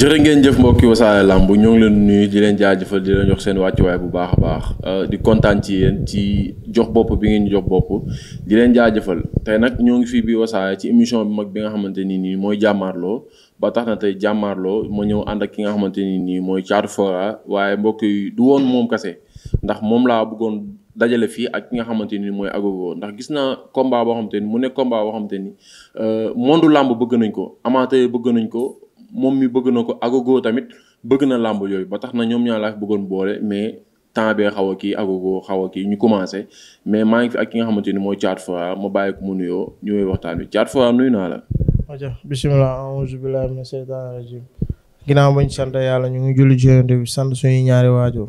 jëre ngeen jëf mbokki wasaare làmb ñoo ngi leen nuyu di leen jaajëfal di leen jox seen wàccuwaay bu baax a baax euh, di kontaan ci yéen ci jox bopp bi ngeen jox bopp di leen jaajëfal tey nag ñoo ngi fii bi wasaare ci émission bi mag bi nga xamante ni nii mooy jàmmaarloo ba tax na tey jàmmaarloo ma ñëw ànd ak ki nga xamante ni nii mooy Thiatou Fora waaye mbokk yi du woon moom kase ndax moom laa bëggoon dajale fii ak ki nga xamante ni mooy Agogo ndax gis naa combat boo xamante ni mu nekk combat boo xamante ni euh, monde làmb bëgg nañ ko bëgg nañ ko moom mi bëgg na ko Agogo tamit bëgg na làmb yooyu ba tax na ñoom ñaar laa bëggoon boole mais temps bee xaw kii Agogo xaw a kii ñu commencé mais maa ak ki nga xamante ni mooy Thiat Fara ma bàyyi ko mu nuyoo ñu ngi wi Thiat Fara nuyu naa la. waaw bisimilah auzu billahi mina seytaani rajim ginnaaw bañ sant yàlla ñu ngi julli jërëjëf bi sant suñu ñaari waajur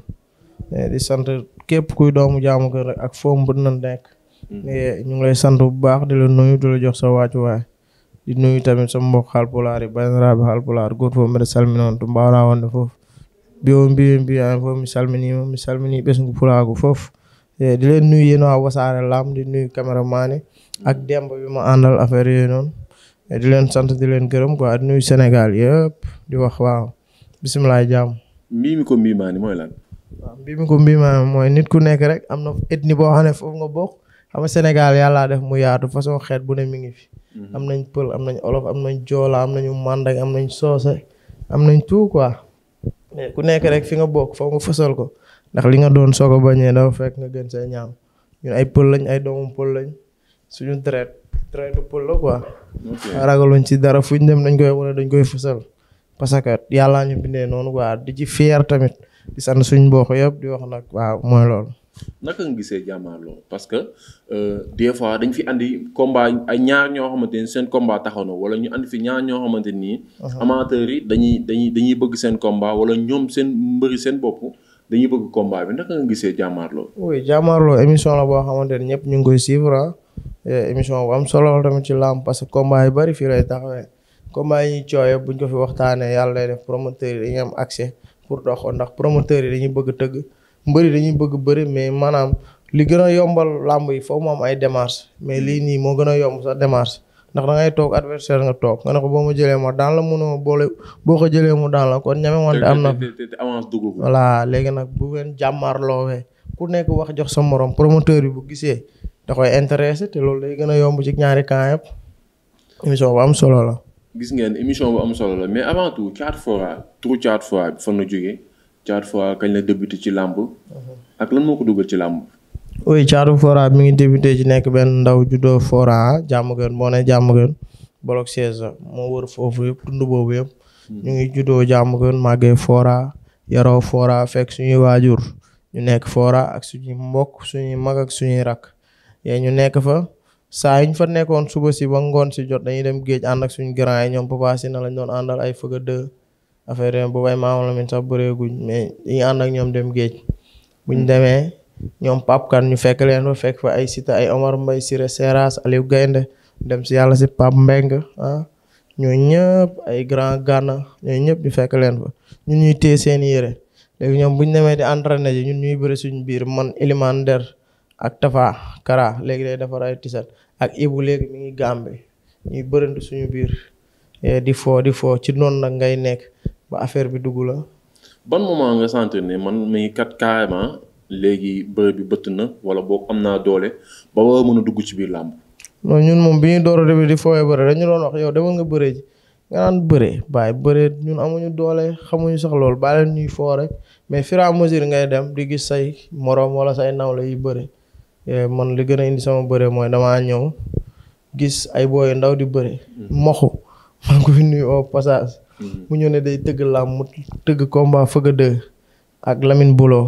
di sant képp kuy doomu jaamu kër ak foo mën na nekk. Hmm. ñu ngi lay sant bu baax di la nuyu di la jox sa waajuwaay di nuyu tamit sama mbokk xalpulaar yi bandiraɓe xalpulaar goto fof mbiɗa salmina on to mbawɗa wonde foof mbiwo mbiwi mbiyani fof mi salminima mi salmini ɓesgu pulago foof e eh, di leen nuy yéen waa wasaare lamb di nuyu caméraman yi ak demb bi ma àndal affaire yooyu noonu eh, di leen sant di leen gërëm quoi di nuyu Sénégal yëpp di wax waa bisimilah jàmm. mbii mi ko mbiimaani mooy lan. waaw ko mbiimaani mooy nit ku nekk rek am na ethnie boo xam ne foofu nga bokk xam Sénégal yàllaa def mu yaatu façon xeet bu ne mi ngi fi. Mhm. am nañ pël am nañ olof am nañ joola am nañu màndag am nañ soose am nañ tout quoi ku nekk rek fi nga bokk foo nga fësal ko ndax li nga doon soo ko bañee dafa fekk nga gën see ñaam ñun ay pël lañ ay doomu pël lañ suñu traite traite pël la quoi ragaluñ si dara fuñ dem dañ koy wane dañ koy fësal parce que yàllaa ñu bindee noonu ko di ji fier tamit di sant suñ mbokk yëpp di wax nag waaw mooy loolu naka nga gisee jàmmaarloo parce que euh, des fois dañ fi àndi combat ay ñaar ñoo xamante ni seen combat taxaw na wala ñu andi fi ñaar ñoo xamante nii uh-huh. amateurs yi dañuy dañuy dañuy bëgg seen combat wala ñoom seen mbëri seen bopp dañuy bëgg combat bi gisee jàmmaarloo. oui émission boo xamante ne ñëpp ñu ngi koy suivre ah. émission bu am solo tamit ci làmb que combat yu bari fii lay taxawee combat yi ñuy buñ ko fi waxtaanee yàlla lay def promoteurs yi dañuy am accès pour doxoon ndax promoteurs yi dañuy bëgg tëgg. mbëri dañuy bëgg bëri mais maanaam li gën a yombal làmb yi foofu moom ay démarche mais lii nii moo gën a yomb sa démarche ndax da ngay toog adversaire nga toog nga ne ko boo ma jëlee moo daan la mënoo boole boo ko jëlee mu daan la kon ñame wante am na avance dugg voilà léegi nag bu jàmmaar jàmmaarloowee ku nekk wax jox sa morom promoteur bi bu gisee da koy intéressé te loolu day gën a yomb ci ñaari camp émission bu am solo la gis ngeen émission bu am solo la mais avant tout Thiat Fora turu Thiat Fora fan Thiatou Fora kañ la débuté ci làmb ak lan moo ko dugal ci làmb oui Thiatou Fora mi ngi débuté ci nekk benn ndaw juddoo Fora jàmm gën moo ne jàmm moo wër foofu yëpp tund boobu yëpp hmm. ñu ngi juddoo jàmm gën màggee Fora yaroo Fora fekk suñuy waajur ñu nekk Fora ak suñuy mbokk suñuy mag ak suñuy rakk yee ñu nekk fa saa yi fa nekkoon suba si ba ngoon si jot dañu dem géej ànd ak suñu grand yi ñoom papa si na lañ doon àndal ay fëgg affaire yooyu bu bay maamu lamin sax bëreeguñ mais ñu ànd ak ñoom dem géej buñ demee ñoom Pape Kane ñu fekk leen fa fekk fa ay Siteu ay Omar Mbaye sire Seras Aliou Gaynde dem si yàlla si Pape Mbengue ah ñoo ñëpp ay grand Gana ñoo ñëpp ñu fekk leen fa ñun ñuy téye seen yére léegi ñoom buñ demee di entraîné ji ñun ñuy bëri suñu biir man Elimane Der ak Tafa Kara léegi day defar ay tisat ak Ibou léegi mi ngi ñuy bërënd suñu biir Eh, di foo di foo ci noonu nag ngay nekk ba affaire bi dugg la. ban moment nga sentir ne man mii kat carrément léegi bëre bi bëtt na wala boog am naa doole ba war mën a dugg ci biir làmb. non ñun moom bi ñu di fooyee bëre dañu doon wax yow demal nga bëree ji nga naan bëree bàyyi bëree ñun amuñu doole xamuñu sax loolu bàyyi leen ñuy foo rek mais fur et ngay dem di gis say moroom wala say nawle yi bëri eh, man li gën a indi sama bëre mooy dama ñëw gis ay booy ndaw di bëri mm. moxu maa ngi ko fi nuyu au mm-hmm. mu ñëw ne day tëgg làmb mu tëgg combat Feugueux dë ak Lamine Boulo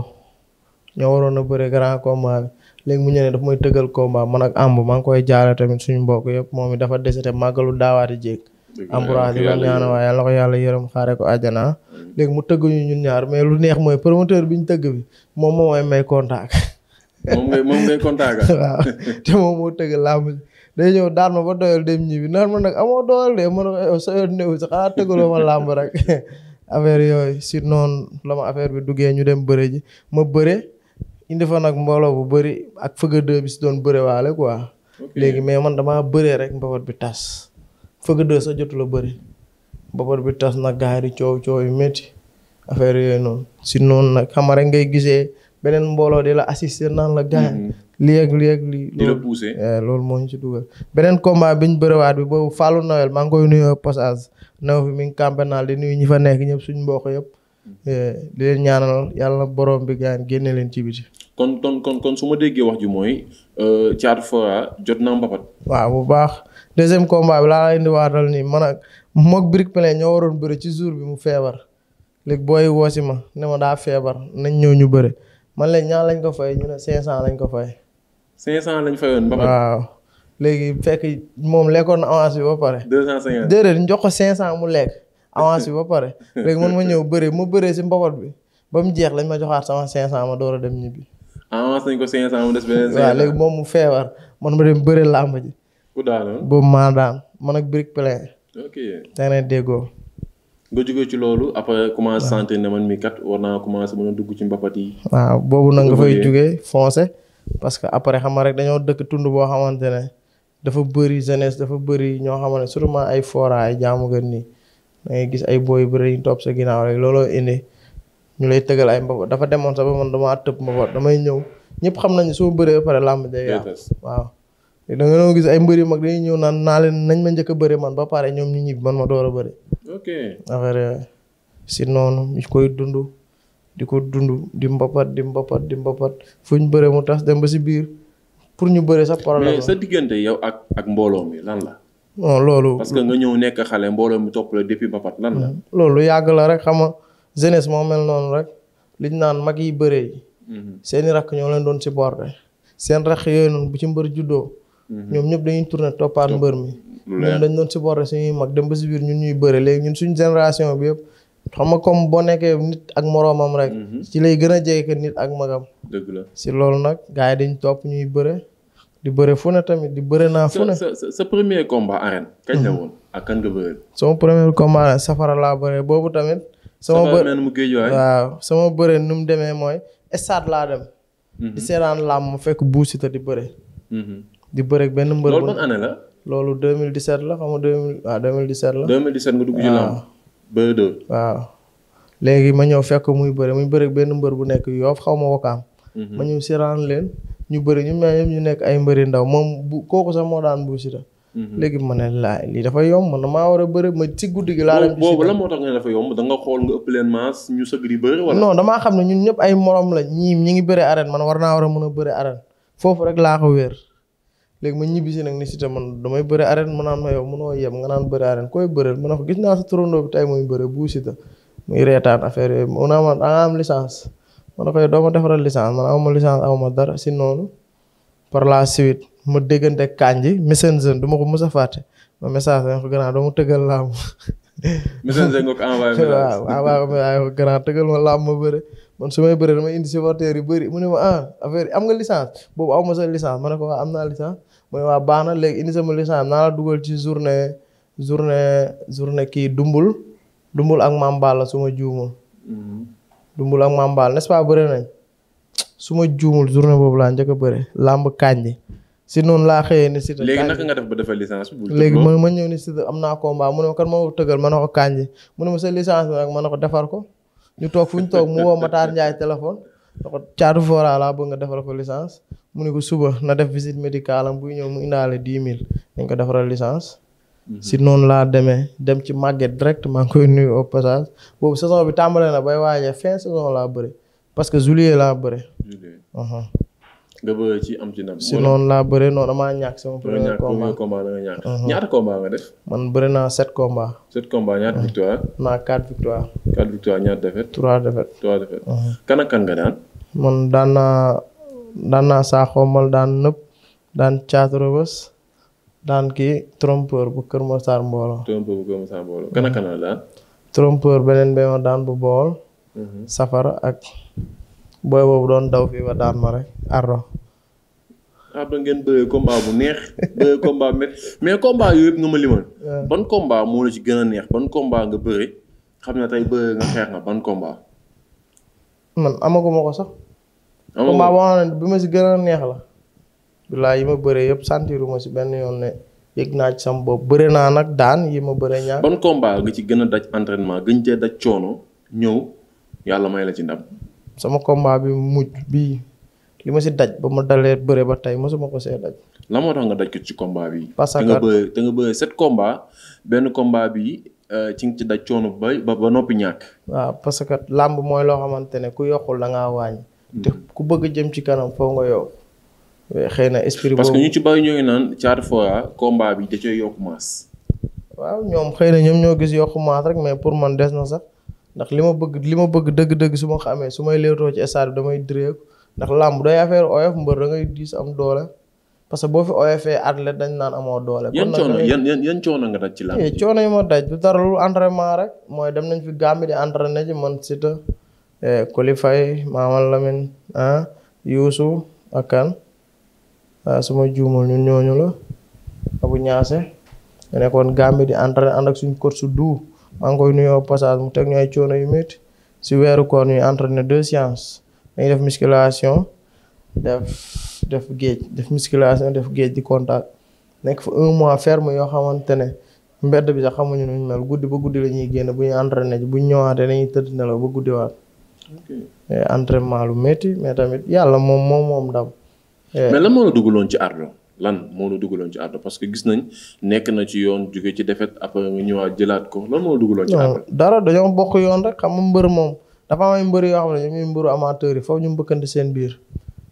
ñoo waroon na bëre grand combat bi léegi mu ñëw ne daf mooy tëggal combat man ak àmb maa ngi koy jaare tamit suñu mbokk yëpp moom it dafa desete màggalu daawaati jéeg. ambourage di ko ñaana waaye yàlla ko yàlla yërëm xaare ko àjjana mm-hmm. léegi mu tëgg ñu ñun ñaar mais lu neex mooy promoteur bi ñu tëgg bi moom moo may may contact te moom moo tëgg làmb day ñëw ma ba doyal dem ñibbi naan ma nag amoo doyal de ma ne ko eh, sa yoon néew si yooyu si noonu la ma affaire bi duggee ñu dem bëre ji ma bëre indi fa nag mbooloo bu bëri ak fëgga deux bi si doon bëre waale quoi. léegi mais man damaa bëree rek mbapat bi tas fëgga sa jotu la bëri mbapat bi tas na gaari coow coow yu métti affaire yooyu noonu si noonu nag xam rek ngay gisee. beneen mbooloo di la assister naan la gars mm-hmm. lii ak li ak lii. la pousser eh, loolu moo ñu ci dugal. beneen combat bi ñu bëriwaat bi boobu Fallou Noël maa ngi koy nuyu passage naw fi mi ngi campé naa di nuyu ñi fa nekk ñëpp suñu mbokk yëpp. Mm-hmm. Eh, di leen yàlla borom bi gaañ génne leen ci biti. kon su ma déggee wax ji mooy euh, Thiatou Fora jot naa waaw bu baax deuxième combat bi laa lay indiwaatal man ak moog Brick Plain ñoo waroon bëri ci jour bi mu feebar léegi booy woosi ma ma daa feebar nañ ñëw ñu bëre. man leen ñaar lañ ko fay ñu ne 500 lañ ko fay. 500 lañ fayoon ba waaw léegi fekk moom lekkoon na avance bi ba pare. 250 déedéet ñu jox ko 500 mu lekk avance bi ba pare. léegi man ma ñëw bëree mu bëree si mbapat bi ba mu jeex lañ ma joxaat sama 500 ma door a dem ñibbi. avance nañ ko 500 mu des beneen 500 léegi moom mu feebar man ma dem bëree làmb ji. ku maa daan man ak brique plein. ok déggoo. nga jógee ci loolu après commencé sentir ne man mi kat war naa commencé dugg ci mbapat waaw boobu nag nga fay jógee foncé parce que après xam nga rek dañoo dëkk tund boo xamante ne dafa bëri jeunesse dafa bëri ñoo xamante ne surtout ay fora ay jaamu gën nii da gis ay booy bëri ñu topp sa ginnaaw looloo indi ñu lay tëgal ay mbapat dafa demoon sax ba man damaa tëb mbapat damay ñëw ñëpp xam nañu soo bëree ba pare làmb day waaw. da nga gis ay mbëri mag dañuy ñëw naan naa leen nañ ma njëkk bëri man ba pare ñoom ñu ñibbi man a bëri ok affaire si noonu ñu koy dund di ko dund di mbapat di mbapat di mbapat fu ñu bëree mu tas dem ba si biir pour ñu bëree sax problème mais sa diggante yow ak ak mbooloo mi lan la. non loolu. parce que nga ñëw nekk xale mbooloo mi topp la depuis mbapat lan la. Mm-hmm. loolu yàgg la rek xam nga jeunesse moo mel noonu rek liñ naan mag yi bëree. Mm-hmm. seeni rakk ñoo leen doon si supporté seen rakk yooyu noonu bu ci mbër juddoo. Mhm. ñoom ñëpp dañuy tourné toppaat mbër mi ñun dañ doon supporté suñuy mag dem ba si biir ñun ñuy bëre léegi ñun suñu génération bi yëpp xam nga comme boo nekkee nit ak moroomam rek mhm. ci lay gën a jege que nit ak magam si loolu nag gars yi dañ topp ñuy bëre di bëre fu ne tamit di bëre naa fu ne sa premier combat arène kañ la mhm. woon sama bëre boobu tamit sama bë mu géej nu mu demee mooy stade laa dem di seetaan làmb fekk fekk buusita di bëre di bëreeg benn mbër. loolu la. loolu 2017 la xam nga 2000 waaw 2017 la. 2017 nga dugg ci ah. lamb. bëre léegi ma ñëw fekk muy bëre muy bëreeg benn mbër bu nekk Yoff xaw ma Wakaam. Mhm. ma ñëw siraan leen ñu bëri ñu mel ñu nekk ay mbëri ndaw moom bu kooku sax moo daan Bou Siteu. Mhm. léegi ma ne laay lii dafa yomb man maa war a bëri ma ci guddi gi. laa boobu la moo tax dafa yomb da nga xool nga ëpp leen maas ñu sëgg di bëri wala. non damaa xam ne ñun ñëpp ay morom la ñii ñi ngi bëri arène man war naa war a mën a bëri arène foofu rek laa ko wér léegi ma ñibbi si nag ni Siteu man damay bëri arène ma naan ma yow mënoo yem nga naan koy bëreel ma ne ko gis naa sa turandoo bi tey muy bëre bu Siteu affaire yooyu mu ne ma da am licence ma ne ko ma dara si noonu la suite ma déggante kanji messenger du ma ko mës fàtte ma message ma ko gën a doo ma tëggal làmb. messenger nga ko envoyé message waaw waaw a bëre yu bëri mu ne ma ah affaire am nga licence boobu aw ma sa licence ma ne ko waa am naa licence. mu ne waa baax na léegi indi sama licence naa la dugal ci journée journée journée kii dumbul dumbul ak mambaal la su juumul. Mm-hmm. dumbul ak màmbaal n'est-ce pas bëri nañ su juumul journée boobu laa njëkk a bëri làmb kànji si noonu laa xëyee ni Siteu léegi naka léegi man ma ñëw ni Siteu am naa combat mu ne ma kan moo tëggal ma ne ko kànji mu ne ma sa licence bi nag ma ne ko defar ko ñu toog fu ñu toog mu woo Matar Ndiaye téléphone na caatu foora laa bëgg nga defal ko licence mu ne ko suba na def visite médicale am buy ñëw mu indaale dix mille nañ ko defaral licence. Mhm. si noonu laa demee dem ci màgget directement koy nuyu au passage boobu saison bi tàmbale na bay waaje fin saison laa bëre parce que juillet laa bëre. nga bëgg ci am ci ndam. si noonu laa bëre noonu damaa ñàkk sama premier combat da nga ñàkk ñaata combat def. man bëre naa sept combat. sept combat ñaata victoire. naa quatre victoire. quatre nga daan. man daan daan naa saa xomal daan nëpp daan caatu bu Kër Masar mbooloo. bu mbooloo kan daan. trompeur beneen bi ma daan bu bool. Mhm. safara ak booy boobu doon daw fii ba daan ma rek ardo. ardo ngeen bëree combat bu neex bëree combat bu mais combat yooyu yëpp nga ma limal. ban combat moo la ci gën a neex ban combat nga bëree xam ne tey bëree nga xeex nga ban combat. man amaguma ko sax. combat boo xam bi ma si gën a neex la. bilaay yi ma bëree yëpp sentiruma si benn yoon ne yëg naa ci sama bopp bëre naa nag daan yi ma bëree ñaar. ban combat ci gën a daj entraînement gën cee daj coono ñëw yàlla may la ci ndam. sama combat bi mujj bi li ma si daj ba ma dalee bëre ba tey mosuma ko see daj. la moo tax nga daj ko ci combat bi. parce que da nga bëree da nga benn combat bi euh, ci nga ci daj coono ba ba noppi ñàkk. waaw parce que làmb mooy loo xamante ne ku yokkul da ngaa wàññi. te ku bëgg jëm ci kanam foo nga yow. xëy na esprit parce que ñu ci bàyyi ñoo ñoom xëy na ñoom ñoo gis yokk maas rek mais pour man des na sax ndax li ma bëgg li ma bëgg dëgg-dëgg su ma xamee su may leetoo ci stade bi damay direeku ndax làmb day affaire oyof mbër da ngay diis am doole. parce que boo fi oyofee athlète dañ naan amoo doole. yan coono yan yan coono nga daj ci làmb. Eh, coono yi ma dem nañ fi gàmmi di entraîné ji man si qualify Maama Lamine ah Youssou ak ah, suma juumul ñu ñooñu la Abu Ñaase nekkoon Gambie di entre ànd ak suñ coach su du maa ngi koy nuyoo passage mu teg ñu ay coono yu métti si weeru koor ñuy entraîné deux séances dañuy def musculation def def géej def def géej di contact nekk fa un mois ferme yoo xamante ne mbedd bi sax xamuñu nuñ mel guddi ba guddi la ñuy génn bu ñu entraîné bu ñu ñëwaatee dañuy tëdd nelaw ba guddiwaat Eh, entraînement lu métti mais tamit yàlla moom moom moom ndam. Eh. mais lan moo dugaloon ci ardo lan moo la dugaloon ci ardo parce que gis nañ nekk na ci yoon jóge ci defet après nga ñëwaat jëlaat ko lan moo dugaloon ci ardo dara dañoo bokk yoon rek xam nga mbër moom dafa am mbër yoo xam ne ñoom amateur yi foofu ñu mbëkkante seen biir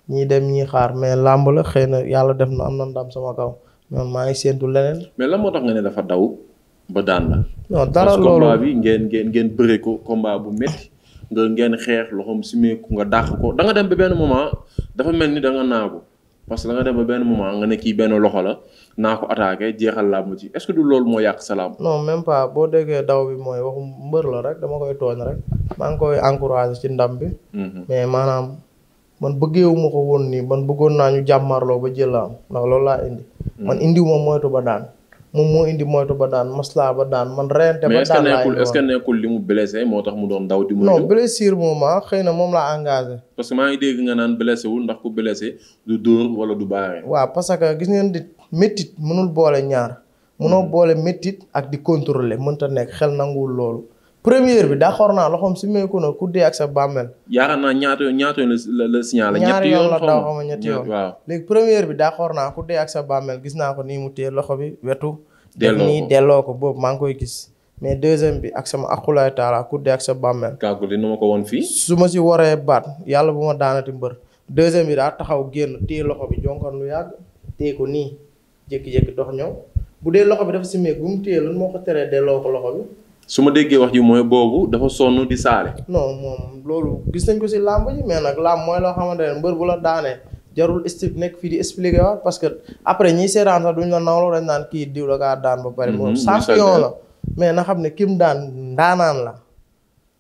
ñii dem ñii xaar mais làmb la xëy na yàlla def na am na ndam sama kaw man maa ngi séentu leneen. mais lan moo tax nga ne dafa daw ba daan la. non dara loolu parce que ngeen ngeen ngeen bëree ko combat bu métti. nga ngeen xeex loxoom simeeku nga dàq ko da dem ba benn moment dafa mel ni da nga naagu parce que da dem ba benn moment nga ne kii benn loxo la naa ko attaqué jeexal làmb ci est-ce que du loolu mooy yàq sa làmb. non même pas boo déggee daw bi mooy waxu mbër la rek dama koy tooñ rek maa ngi koy encouragé ci ndam bi. Mm-hmm. mais maanaam man bëggeewu ma ko woon nii man bëggoon naa ñu jàmmarloo ba jël la ndax loolu laa indi. Mm-hmm. man indiwu ma moytu ba daan. moom moo indi moytu ba daan maslaa ba daan man reyante ba daan laay mais est nekkul li mu blessé moo tax mu doon daw di mu non blessure moom ah xëy na moom laa engagé parce maa ngi dégg nga naan blessé wul ndax ku blessé du dóor wala du baare waaw parce que gis ngeen di méttit mënul boole ñaar mënoo hmm. boole méttit ak di contrôler mënta nekk xel nanguwul loolu première bi d'accord naa loxoom simmeeku na ku dee ak sa bàmmeel. yaakaar naa ñaata yoon ñaata la ñaari yoon la daaw xam ñetti yoon léegi première bi d'accord naa ku dee ak sa bàmmeel gis naa ko nii mu téye loxo bi wetu. delloo nii delloo ko boobu maa ngi koy gis. mais deuxième bi ak sama akulaay ku dee ak sa bàmmeel. kàggu nu ma ko woon fii. su ma si waree baat yàlla bu ma daanati mbër. deuxième bi taxaw génn téye loxo bi jonkoon lu yàgg téye ko nii jékki dox ñëw bu dee loxo bi dafa si meeg bu mu téye lan moo ko teree delloo ko loxo bi su ma déggee wax ji mooy boobu dafa sonn di saale. no moom loolu gis nañ ko si làmb ji mais nag làmb mooy loo xamante ne la daanee jarul style nekk fii di expliquer parce que après ñiy seetaan duñ la nawloo dañ naan kii diw la kaa daan ba pare. Mhm, moom champion la mais na xam ne kim daan ndaanaan la.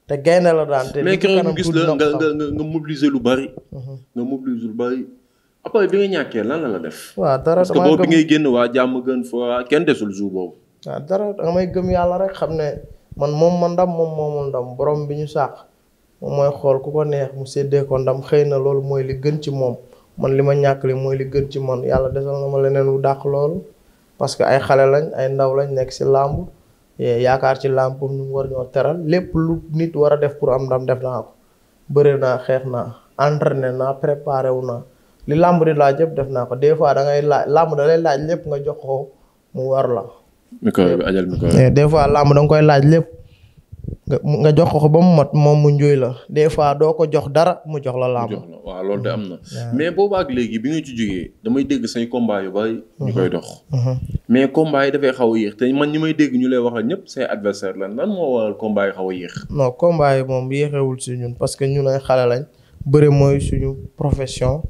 te gaynde la daan te mais keroog gis la nga nga lu bari. nga mobiliser lu bari. Mhm. la def. waaw dara parce que boobu bi ngay génn waa jàmm gën foo kenn desul jour boobu. waaw dara da may gëm yàlla rek xam ne man moom ma ndam moom moomu ndam borom bi ñu sàq moom mooy xool ku ko neex mu séddee ko ndam xëy na loolu mooy li gën ci moom man li ma ñàkk li mooy li gën ci man yàlla desal na ma leneen lu dàq loolu parce que ay xale lañ ay ndaw lañ nekk si làmb yaakaar ci làmb pour ñu war ñoo teral lépp lu nit war a def pour am ndam def naa ko bëri naa xeex naa ne naa préparé wu naa li làmb di laaj yëpp def naa ko des fois da ngay làmb da laaj lépp nga jox ko mu war la micro bi ajal micro eh, des fois làmb da koy laaj lépp nga jox ko ba mu mot moom mu njuy la des fois doo ko jox dara mu jox la làmb. waaw loolu de am na. Hmm. mais boobu ak léegi bi nga ci jógee damay dégg say combat yu bari. ñu koy hmm. dox. Hmm. mais combat yi dafay xaw a yéex te man ñi may dégg ñu lay waxal ñëpp say adversaire lan lan moo waral combat xaw a yéex. non combat yi moom yéexewul si ñun parce que ñun ay xale lañ bëre mooy suñu profession.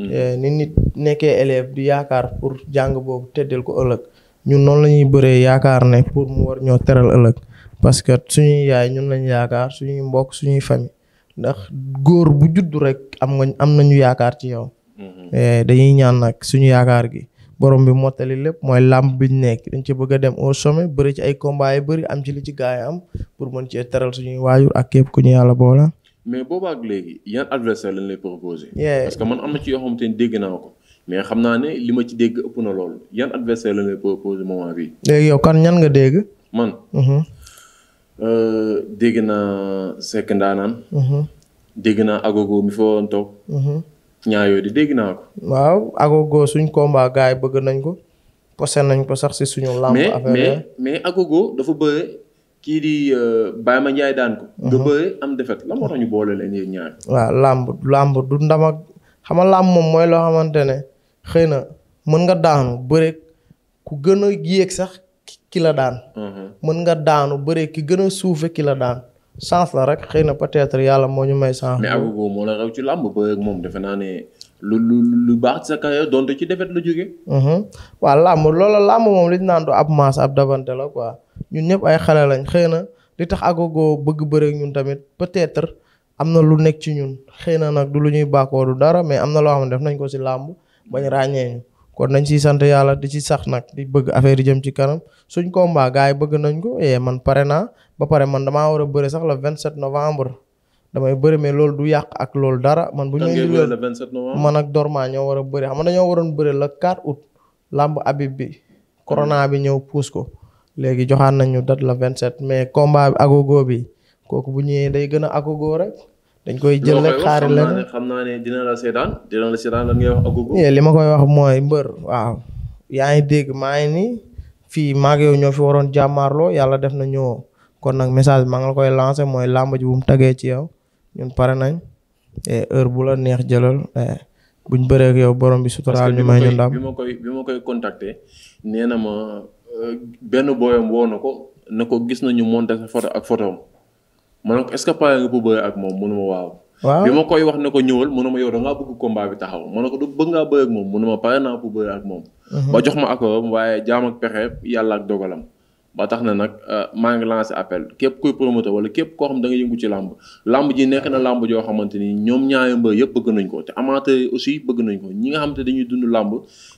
Eh, ni nit nekkee élève di yaakaar pour jàng boobu teddeel ko ëllëg. ñun noonu la ñuy bëree yaakaar ne pour mu war ñoo teral ëllëg parce que suñuy yaay ñun lañ yaakaar suñuy mbokk suñuy famille ndax góor bu juddu rek am nga am nañu yaakaar ci yow. Mm-hmm. Eh, dañuy ñaan nag suñu yaakaar gi borom bi mottali lépp mooy làmb bi ñu nekk dañ ci bëgg a dem au sommet bëri ci ay combat bari am ci li ci gaay am pour mën cee teral suñuy waajur ak képp ku ñu yàlla boole. mais boobaag léegi yan adversaire lañ lay proposer. parce que man am na ci yoo xamante dégg naa mais xam naa ne li ma ci dégg ëpp na loolu yan adversaire la lay proposé moment bi léegi yow kan ñan nga dégg. man. Mhm. Euh, dégg naa Seck mhm. dégg naa Agogo mi fa woon toog. Mhm. ñaar yooyu di ko. waaw Agogo suñ combat gars yi bëgg nañ ko. posé nañ ko sax si suñu. lamb affaire mais mais Agogo dafa bëre kii di euh, Baye Ma Ndiaye daan ko. nga bëre am defet la moo tax ñu boole leen ñaar. waaw lamb lamb du ndam ak xam moom mooy loo xamante xëy na mën nga daanu bëre ku gën a yéeg sax ki la daan. Mhm. mën nga daanu bëre ki gën a suufe ki la daan chance la rek xëy na peut-être yàlla moo ñu may chance. mais Agogo moo ci làmb ba moom defe naa ne lu lu lu baax sa carrière donte ci defet la jógee. Mhm. làmb loola làmb moom li ñu naan du ab maas ab dabante la quoi ñun ñëpp ay xale lañ xëy na li tax Agogo bëgg bëreek ñun tamit peut-être am na lu nekk ci ñun xëy na nag du lu ñuy bàkkoo du dara mais am na loo xam ne def nañ ko si làmb. bañ ràññee ñu kon nañ ciy sant yàlla di ci sax nag di bëgg affaire yi jëm ci kanam suñ combat gars yi bëgg nañ ko et eh, man pare naa ba pare man damaa war a bëre sax le 27 novembre damay bëri mais loolu du yàq ak loolu dara. man bu ñu le 27 novembre man ak Dorma ñoo war a bëri xam nga dañoo waroon bëri le 4 août. làmb Habib bi. corona bi ñëw puus ko. léegi joxaat nañu date vingt 27 mais combat bi agogo bi kooku bu ñëwee day gën a agogo rek. dañ koy jël rek xaari leen xam naa ne dina la seetaan dina la seetaan lan ngay wax agogo eh, li ma koy wax mooy mbër waaw yaa ngi dégg maa ngi ni fii maa yooyu ñoo fi waroon jàmmaarloo yàlla def na ñëw kon nag message bi maa ngi la koy lancé mooy làmbaji ji bu mu tagee ci yow ñun pare nañ eh, heure bu la neex jëlal eh, buñ bëree ak yow borom bi suturaal ñu may ñu ndam bi ma koy bi ma koy contacter nee na ma euh, benn booyam woo na ko na ko gis nañu monté sa photo ak photo ma ne ko est-ce que pare nga pour bëre ak moom mënuma waaw. waaw bi ma koy wax ne ko ñëwal mënuma yow da ngaa bëgg combat bi taxaw ma ne ko du bëgg moom mënuma pare naa pour bëre moom. Mhm. ba jox ma accordam waaye jaam pexe yàlla dogalam. ba tax na nag euh, maa ngi lancé appel képp kuy promoteur wala képp koo xam da nga yëngu ci làmb làmb ji nekk na làmb joo ni ñoom ñaari mbër yëpp bëgg nañ ko te amateur aussi bëgg nañ ko ñi nga xam te dañuy dund làmb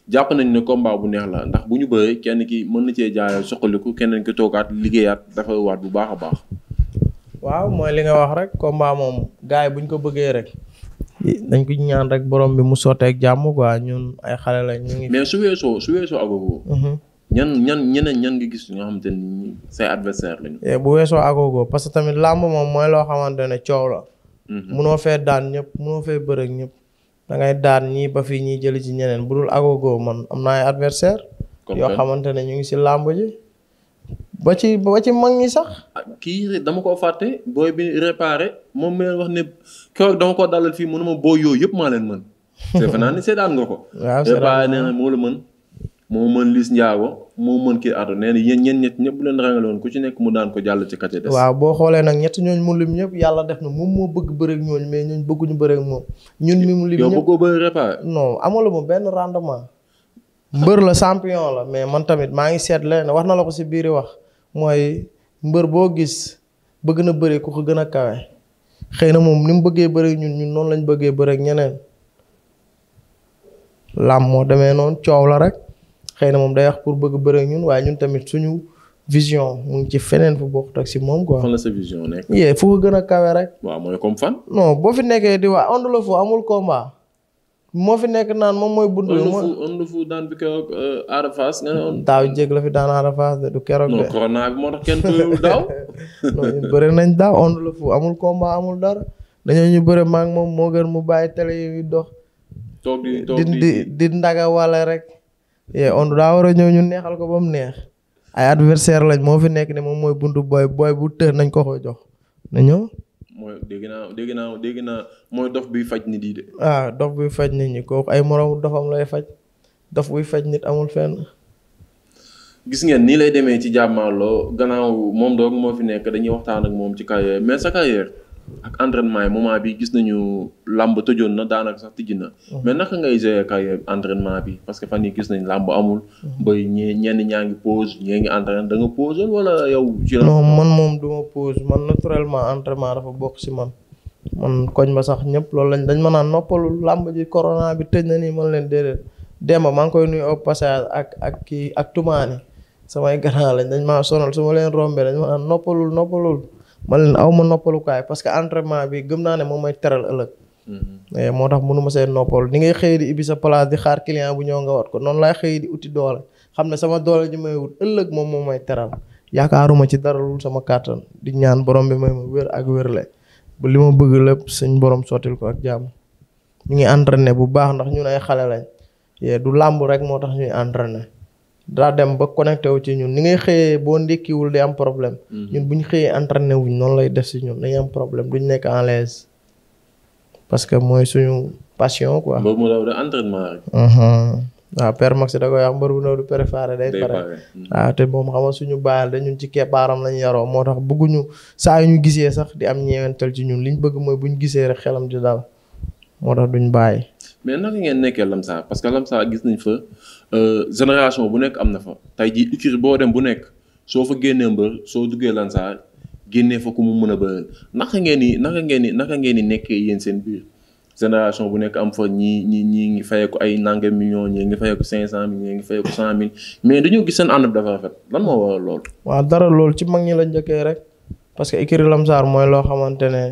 jàpp nañ ne combat bu neex la ndax bu ñu bëree kenn ki mën na cee jaayal soqaliku keneen ki toogaat liggéeyaat dafa waat bu baax a baax waaw mooy li nga wax rek combat moom gars yi ñu ko bëggee rek. dañ ko ñaan rek borom bi mu sotteeg jàmm quoi ñun ay xale lañ ñu ngi. mais su weesoo su weesoo agogo. Mhm. ñan ñan ñeneen ñan nga gis ñoo xamante ni eh, bu weesoo agogo parce que tamit làmb moom mooy loo xamante ne coow la. Mhm. munoo fee daan ñëpp munoo fee bërëg ñëpp. da ngay daan ñii ba fii ñii jëli ci ñeneen bu dul agogo man am naa ay adversaire yoo xamante ne ñu ngi si làmb ji. ba ci ba ci mag ñi sax. kii dama koo fàtte booy bi réparé moom mi wax ne keroog dama koo dalal fii mënuma booy yooyu yëpp maa leen mën. defe naa ni seetaan nga ko. waaw réparé moo la mën. moo mën Liss Ndiago moo mën kii Ardo nee yéen ñeent ñett ñëpp bu leen ku ci nekk mu daan ko jàll ci kàcce des. waaw xoolee nag ñett ñooñu mu lim ñëpp yàlla def na moom moo bëgg bëreeg ñooñu mais ñooñu bëgguñu bëreeg moom. ñun mi mu lim ñëpp yow bëggoo bëri réparé. non amaluma benn rendement. mbër la champion la mais man tamit maa ngi seet leen war na la ko si biir wax mooy mbër boo gis bëgg na bëre ku ko gën a kawe xëy na moom ni mu bëggee bëre ñun ñun noonu lañ bëggee bëre ñeneen làmm moo demee noonu coow la rek xëy na moom day wax pour bëgg bëre ñun waaye ñun tamit suñu vision mu ngi ci feneen fu bokkut ak moom quoi. fan la sa fu ko gën a kawe rek. waaw mooy comme fan. boo fi nekkee di waa Onde le amul combat. moo fi nekk naan moom mooy. buntu bi mooy euh, daaw jéeg la fi daan du keroog moo tax kenn nañ daaw on le fou amul ñu bëri maa moom moo gën mu bàyyi télé dox. di toog rek. on daa a ñëw ñu neexal ko ba mu neex. ay adversaire lañ moo fi nekk moom mooy buntu booy booy bu tër nañ ko ko jox na mooy dégg naa dégg naa dégg naa mooy dof buy faj nit yi de. ah dof buy faj nit ñi kooku ay moromu dofam lay faj dof buy faj nit amul fenn. gis ngeen nii lay demee ci jàmmaarloo gannaaw moom doog moo fi nekk dañuy waxtaan ak moom ci carrière mais sa carrière ak entraînement yi moment bi gis nañu làmb tëjoon na daanaka sax tijji na. Mm-hmm. mais naka ngay gérer kay entraînement bi parce que fan yi gis nañ làmb amul. Mm-hmm. bay ñee ñenn ñaa ngi pause ñee ngi entraîné da nga pause wala yow. ci la non man moom du ma pause man naturellement entraînement dafa bokk si man. man koñ ba sax ñëpp loolu lañ dañ mën a noppalu làmb ji corona bi tëj na nii man leen déedéet. Demba maa ngi koy nuyu au passage ak ak kii ak tumaani samay gannaaw lañ dañ maa sonal su ma leen rombee dañ ma naan noppalul noppalul. man leen aw noppalukaay parce que entraînement bi gëm naa ne moom may teral ëllëg. Mm-hmm. Eh, moo tax mënu ma see noppalu ni ngay xëy di ibbi sa place di xaar client bu ñëw nga wat ko noonu laay xëy di uti doole xam ne sama doole ji may wut ëllëg moom moom may teral yaakaaruma ci dara lul sama kàttan di ñaan borom bi may ma wér ak wérle ba li ma bëgg lépp suñ borom sottil ko ak jàmm ñu ngi entraîné bu baax ndax ñun ay xale lañ eh, du làmb rek moo tax ñuy entraîné. daa dem ba connecté wu ci ñun ni ngay xëyee boo ndékkiwul di am problème. Mm-hmm. ñun bu ñu xëyee entraîné wuñ noonu lay def si ñun dañuy am problème duñ nekk en l'aise parce que mooy suñu passion quoi. boobu mu daw de entraînement rek. Mm-hmm. waaw Père Max da koy wax mbër bu du préparé day pare mm-hmm. waaw te moom xam suñu baal dañu ñun ci keppaaram lañu yaroo moo tax bëgguñu saa yu ñu gisee sax di am ñeewental ci ñun liñ bëgg mooy buñ gisee rek xelam di dal moo tax duñ bàyyi. mais naka ngeen nekkee Lamsa parce que Lamsa gis nañ fa euh, génération bu nekk am na fa tey jii écurie boo dem bu nekk soo fa génnee mbër soo duggee Lamsa génnee fa ko mu mën a bëri naka ngeen ni naka ngeen ni naka ngeen ni nekkee yéen seen biir génération bu nekk am fa ñii ñii ñii ngi fayeeku ay nange millions ñii ngi fayeeku cinq cent mille ñii ngi fayeeku cent mille mais dañoo gis seen ànd bi dafa rafet lan moo waral lool. waaw dara loolu ci mag ñi la njëkkee rek parce que écurie Lamsaar mooy loo xamante ne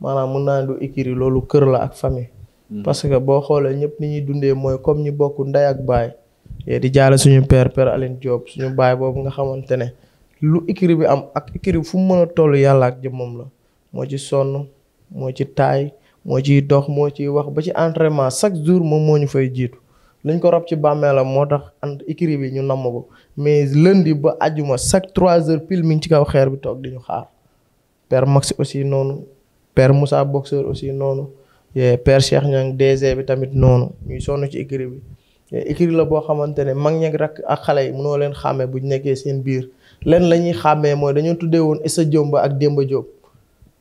maanaam mën naa du écurie loolu kër la ak famille. Mm-hmm. parce que boo xoolee ñëpp ni ñuy dundee mooy comme ñi bokk ndey ak baay. Eh, di jaale suñu per per Aline Diop suñu baay boobu nga xamante ne lu écurie bi am ak écurie fu mu mën a toll yàlla ak jëmmam la moo ci sonn moo ci taay moo ciy dox moo ciy wax ba ci entraînement chaque jour moom moo ñu fay jiitu. lañ ko rob ci bàmmeelam moo tax ant écurie bi ñu namm ko mais lundi ba ajuma chaque trois heures pile mi ci kaw xeer bi toog di ñu xaar père Max aussi noonu père Moussa boxeur aussi noonu. Père Cheikh Niang DG bi tamit noonu ñuy sonn ci écurie bi écurie la boo xamante ne mag ñeeg rakk ak xale yi mënoo leen xàmmee bu ñu nekkee seen biir leen la ñuy xàmmee mooy dañoo tuddee woon sa jëmba ak Demba Diop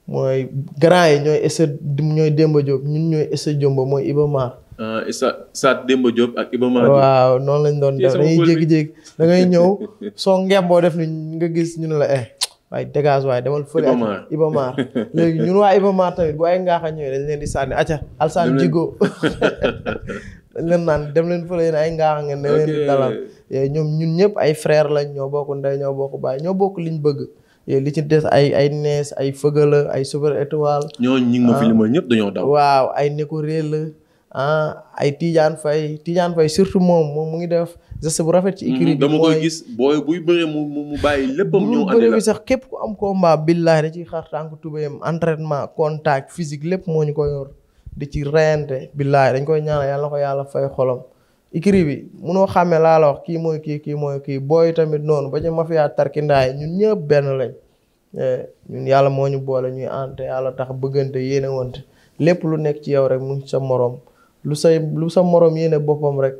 mooy grand yi ñooy Essa ñooy Demba ñun ñooy Essa Diomba mooy Iba Mar. Ah, Essa Saat Demba Diop ak Iba waaw noonu lañ doon def dañuy jékki-jékki dangay ñëw soo ngemboo def ni nga gis ñu ne la eh. waaye dégage waaye demal fële Ibamar léegi ñun waa Ibamar tamit bu ay ngaax a ñëwee dañ leen di sànni acca alsaan jigo dañ leen naan dem leen fële yéen ay ngaax ngeen ne leen di dalal eh, ñoom ñun ñëpp ay frère lañ ñoo bokk ndey ñoo bokk baay ñoo bokk liñ bëgg eh, li ci des ay ay nees ay fëgala ay super étoile ñoo ñi ma fi ah. limal ñëpp dañoo daw waaw ay neko réel ah ay tiijaan fay Tidiane Faye surtout moom moom mu ngi def geste bu rafet ci écurie bi mhm, dama booy buy bëree mu mu bàyyi léppam ñëw ànd la bi sax képp ku am combat billahi da ciy xar tànk tubéyam entraînement contact physique lépp moo ñu ko yor di ci reyante billahi dañ koy ñaanal yàlla ko yàlla fay xolam écurie bi munoo xàmmee laa la kii mooy kii kii mooy kii booy tamit noonu ba ci mafia tarkindaay ñun ñëpp benn eh, ñun yàlla moo ñu boole ñuy ante yàlla tax bëggante yéene wante lépp lu nekk ci yow rek mu sa morom lu say lu sa morom yéene boppam rek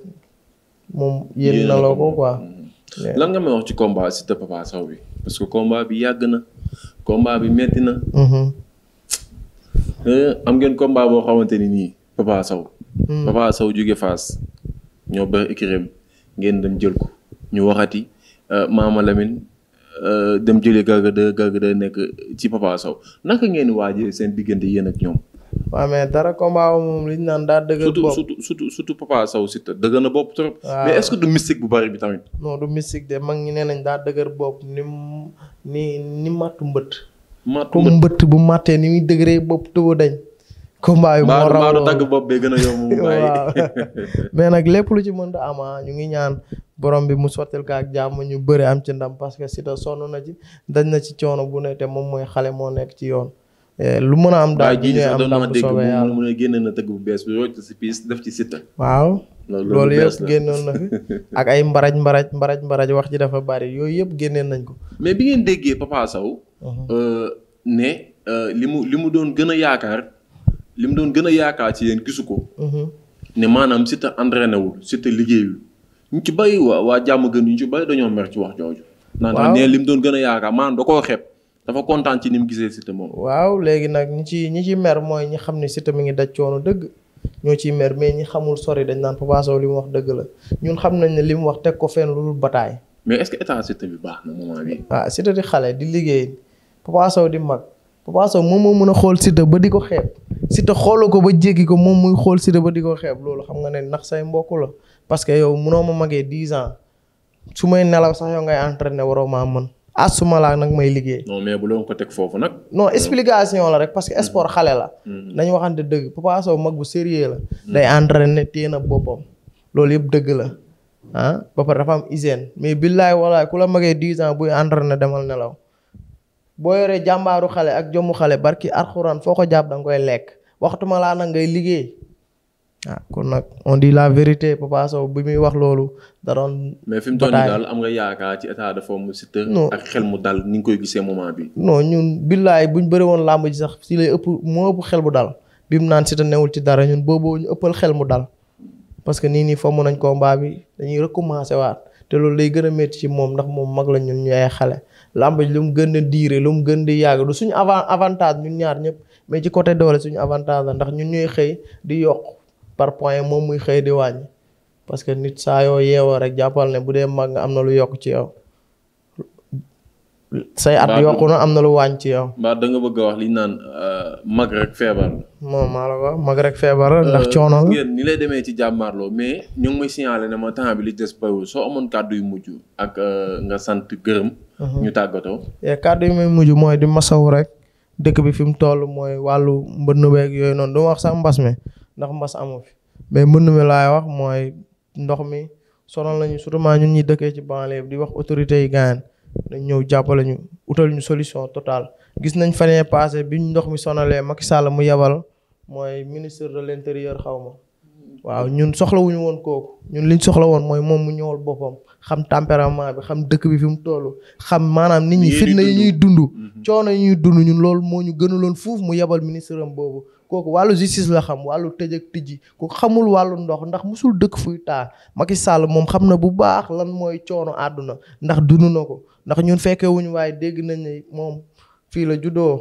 moom yéen na la lan nga ma wax ci combat Siteu Papa Sow bi parce que combat bi yàgg na komba bi metti na. Mm-hmm. Euh, am ngeen combat boo xamante ni nii Papa Sow. Mm. Papa Sow jóge Fass ñoo ba écrémé ngeen dem jël ko ñu waxati euh, Mama Lamine euh, dem jëlee Garga 2 Garga 2 nekk ci Papa Sow naka ngeen waajee seen diggante yéen ak ñoom. waaw mee dara combat moom li ñu naan daa dëgër bopp surtout surtout surtout Papa Sow Siteu dëgër est-ce que du mystique bu bari bi tamit. non du mystique de mag ngi nee nañ daa dëgër bopp ni mu ni ni matu mbëtt. matu mbëtt bu mattee ni muy dëgëree bopp tëbu dañ. combat yi moo raw loolu tagg a yomb waaw mais nag lépp lu ci mënta ama ah, ñu ngi ñaan borom bi mu sottil ka ak jàmm ñu bëri am ci ndam parce que sonn na ci dañ na ci coono bu ne te moom mooy xale moo nekk ci yoon. Eh, lu mën a am daal di nga am ndam bu soobee yàlla mu ne na tëgg bu bees bi rocc si def ci Siteu waaw loolu yëpp génnoon na ak ay mbaraj mbaraj mbaraj mbaraj wax ji dafa bari yooyu yëpp génne nañ ko mais bi ngeen déggee Papa Sow mhm. euh, ne euh, li mu li mu doon gën a yaakaar li mu doon gën a yaakaar ci yéen gisu ko mhm. ne maanaam Siteu entraîné wul Siteu liggéeyul ñu ci bay waa waa jàmm gën ñu ci bay dañoo mer ci wax jooju naan ne li mu doon gën a yaakaar maanaam da koo xeeb dafa kontaan ci ni mu gisee Siteu moom. waaw léegi nag ñi ci ñi ci mer mooy ñi xam ne Siteu mi ngi daj coono dëgg ñoo ciy mer mais ñi xamul sori dañ naan Papa Sow wax dëgg la ñun xam nañ ne li mu wax teg ko fenn lu dul bataay. mais est-ce que état ah Siteu di xale di liggéey Papa di mag Papa moom moo mën a xool Siteu ba di ko xeeb Siteu xooloo ko ba jéggi ko moom muy xool Siteu ba di ko xeeb loolu xam nga ne ndax say mbokk la parce que yow mënoo ma magee dix ans su may nelaw sax yow ngay entraîné waroo maa mën. asuma ah, laa nag may liggéey. non mais bu la ko teg foofu nag. noo explication la rek parce que sport mm-hmm. xale la. Mm-hmm. nañu waxante dëgg Papa mag bu sérieux la. day entraîné téye na boppam. loolu yëpp dëgg la ah ba pare dafa mais billaay walaay ku la magee dix ans buy entraîné demal nelaw boo yoree jàmbaaru xale ak jommu xale barki arxuraan foo ko jàpp da nga koy lekk waxtuma laa nag ngay liggéey. ah kon nag on di la vérité Papa bi muy wax loolu da doon. mais fi mu toll nii daal am nga yaakaar ci état de forme Siteu ak xel mu dal ni nga koy gisee moment bi. non ñun billaay bu ñu bëri woon làmb ji sax si lay ëpp moo ëpp xel mu dal bi mu naan Siteu newul ci dara ñun booboo ñu ëppal xel mu dal. parce que nii nii fomm nañ koo mbaa bi dañuy recommencer waat te loolu day gën a métti ci moom ndax moom mag la ñun ñu ay xale. làmb lu mu gën a diire lu mu gën di yàgg suñu avant avantage ñun ñaar ñëpp mais ci côté doole suñu avantage la ndax ñun ñuy xëy di yokk par point moom muy xëy di wàññi parce que nit saa yoo yeewoo rek jàppal ne bu dee mag nga am na lu yokk ci yow. say at yokku na am na lu wàññi ci yow. mbaa da nga bëgg a wax li ñu naan euh, mag rek feebar la. moom maa la wax mag rek feebar ndax euh, coono la. ni lay demee ci jàmmaarloo mais ñu ngi may signaler ne ma temps bi li des bariwul soo amoon kàddu yu mujj ak euh, nga sant gërëm. Mhm. ñu tàggatoo. Eh, kàddu yu muy mujj mooy di masawu rek dëkk bi fi mu toll mooy wàllu mbënn beeg yooyu noonu du wax sax mbas mi ndax mbas amu fi mais mbënn mi laay wax mooy ndox mi sonal nañu surtout ñun ñi dëkkee ci banlieue bi di wax autorités yi gaan dañ ñëw jàppale ñu utal ñu solution totale gis nañ fanee passé bi ndox mi sonalee Macky Sall mu yebal mooy ministre de l'intérieur xaw ma waaw ñun soxlawuñu woon kooku ñun liñ soxla woon mooy moom mu ñëwal boppam xam tempérament bi xam dëkk bi fi mu toll xam maanaam nit ñi fitna yi ñuy dund mhm. coono yi ñuy dund ñun loolu moo ñu gënaloon fuuf mu yebal ministre am boobu kooku wàllu justice la xam wàllu tëj ak tijji kooku xamul wàllu ndox ndax musul dëkk fuy taa Macky Sall moom xam na bu baax lan mooy coono àdduna ndax dunu ko ndax ñun fekkee waaye dégg nañ ne moom fii la juddoo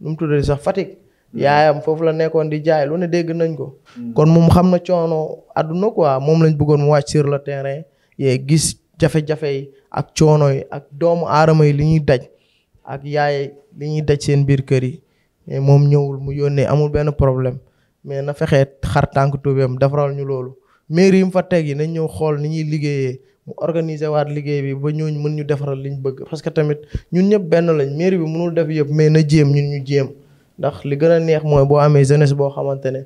nu tuddee sax Fatick. Mm. yaayam foofu la nekkoon di jaay ne dégg nañ ko. Mm. kon moom xam na coono àdduna quoi moom lañ bëggoon mu wàcc sur le terrain yee gis jafe-jafe yi ak coono yi ak doomu aadama yi li ñuy daj ak yaay li ñuy daj seen biir kër yi. mais moom ñëwul mu yónnee amul benn problème mais na fexee xar tànk tuubéem defaral ñu loolu mairie yi mu fa teg yi nañ ñëw xool ni ñuy liggéeyee mu organiser waat liggéey bi ba ñooñu mën ñu defaral liñ bëgg parce que tamit ñun ñëpp benn lañ mairie bi mënul def yëpp mais na jéem ñun ñu jéem ndax li gën a neex mooy boo amee jeunesse boo xamante ne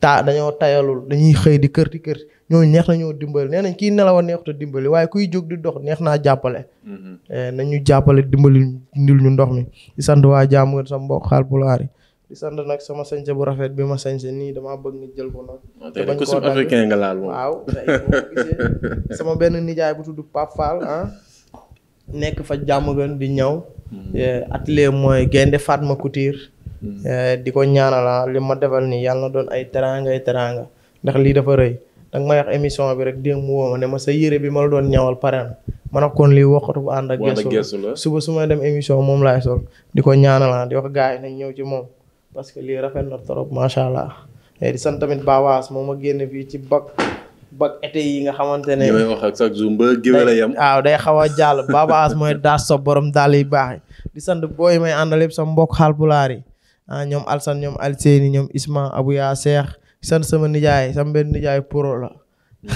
taa dañoo tayalul dañuy xëy di kër kërti kër ñooñu neex nañoo dimbali nee nañ kii nelaw a neexut a dimbali waaye kuy jóg di dox neex naa jàppale. Mm-hmm. Eh, nañu jàppale dimbali ndil ñu ndox mi di sant waa jàmm ngeen sama mbokk Haalpulaar yi nag sama sañse bu rafet bi ma sañse nii damaa bëgg nga jël ko nag. Ah, te laal moom benn nijaay bu tudd Pape Fall ah. nekk fa jàmm gën di ñëw. Mm-hmm. Eh, atelier mooy gaynde faat Fatma Couture. Mm-hmm. Eh, di ko ñaanala ah, li ma defal nii yàlla na doon ay teraanga ay teraanga ndax lii dafa rëy. danga may wax émission bi rek démb woo ma ne ma sa yére bi ma la doon ñawal pare na ma ne kon lii waxatu bu ànd ak gestu la suba su may dem émission moom laay sol di ko ñaanal di wax gars yi nañ ñëw ci moom parce que lii rafet na trop macha allah eh, di sant tamit Bawaas moom ma génn fii ci bag bag yi nga xamante ne. ñooy wax ak chaque jour ba géwél a yem. waaw day xaw a jàll Bawaas mooy daas sa borom daal yi baax di sant booy may àndal yëpp sa mbokk xalpulaar yi ah ñoom Alsan ñoom Alseeni ñoom Isma Abuya Seex sant sama nijaay sama benn nijaay pro la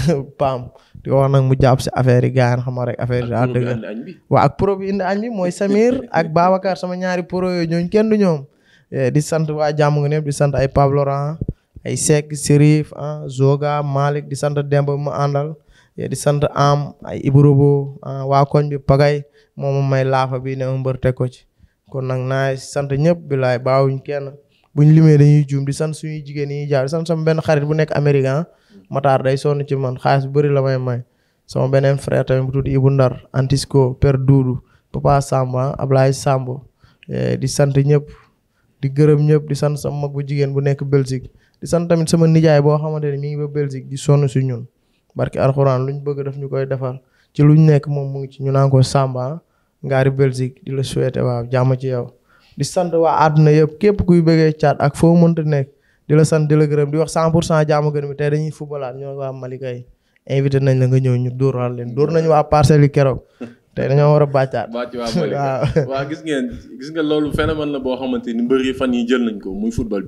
paam di ko wax nag mu jàpp si affaire yi gaan xam rek affaire yi daal dëgg ak pro bi indi añ bi mooy Samir ak Babacar sama ñaari pro yooyu ñooñu kenn du ñoom eh, di sant waa jàmm ngi ñëpp di sant ay Pape ay Seck ah, di sant Demba mu àndal eh, sant am ay Ibrobo ah, waa koñ bi Pagay moom may laafa bi ne mbër teg ko ci kon nag naay sant ñëpp bilaay baawuñ kenn bu buñ limee dañuy juum di sant suñuy jigéen yi jaar di sant sama benn xarit bu nekk américain ah. Matar day sonn ci man xaalis bu bëri la may may sama beneen frère tamit bu tudd Ibou Ndar Antisco Père Doudou Papa Samba ah, Ablaye Sambo eh, di sant ñëpp di gërëm ñëpp di sant sama mag bu jigéen bu nekk Belgique di sant tamit sama nijaay boo xamante ne mi ngi ba Belgique di sonn si ñun barki alxuraan luñ bëgg def ñu koy defar ci luñ nekk moom mu ngi ci ñu naan ko Samba ah, ngaari Belgique di la souhaité waaw jàmm ci yow. di sant waa àdduna yëpp képp kuy bëggee caat ak foo mënta nekk di la sant di la gërëm di wax 100 pour cent jaamu gën bi tey dañuy fubalaat ñoo waa Malika yi invité nañ la nga ñëw ñu dóoral leen dóor nañu waa parcelles yi keroog tey dañoo war a bàccaat bàcc waa Malika waaw gis ngeen gis nga loolu phénomène la boo xamante ni mbër yi football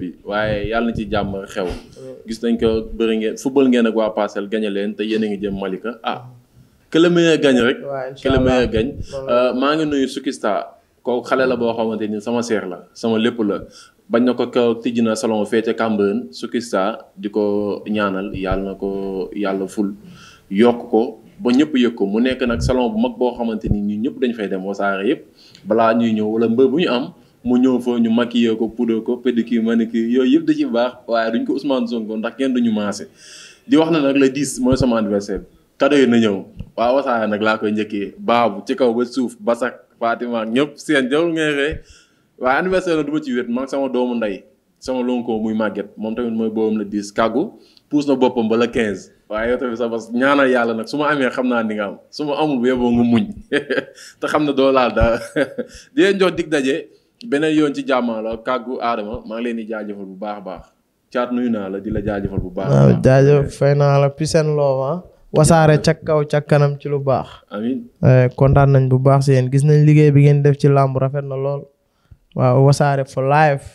ak waa parcelles gañe leen te yéen a ngi jëm Malika ah que rek que le euh, maa ngi nuyu Sukista kooku xale la boo xamante ni sama seer la sama lépp la bañ na ko kaw tijji na salon feete Cambérène Sukista di ko ñaanal yàlla na ko yàlla ful yokk ko ba ñëpp yëg ko mu nekk nag salon bu mag boo xamante ni ñun ñëpp dañu fay dem wasaare yëpp balaa ñuy ñëw wala mbër bu ñu am mu ñëw fa ñu maquillé ko poudre ko pédicure manicure yooyu yëpp da ci baax waaye duñ ko Ousmane Sonko ndax kenn duñu maase di wax na nag le 10 mooy sama anniversaire cadeau na ñëw waaw wasaare nag laa koy njëkkee baabu ci kaw ba suuf basak Fatima ñëpp seen jaww ngeexee waaye anniversaire la du ci wét man sama doomu ndey sama lonko muy màgget moom tamit mooy boobam la 10 kàggu puus na boppam ba la 15 waaye yow tamit sa bas ñaanal yàlla nag su ma amee xam naa ni nga am su ma amul bu yeboo nga muñ te xam ne doo laal daal di leen jox dig daje beneen yoon ci jàmmaa la kàggu aadama maa ngi leen di jaajëfal bu baax a baax caat nuyu naa la di la jaajëfal bu baax. waaw jaajëf wasaare ca kaw ca kanam ci lu baax. amiin eh, kontaan nañ bu baax si yéen gis nañ liggéey bi ngeen def ci làmb rafet na lool waaw wasaare for life.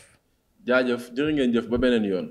jaajëf jërë ngeen jëf ba beneen yoon.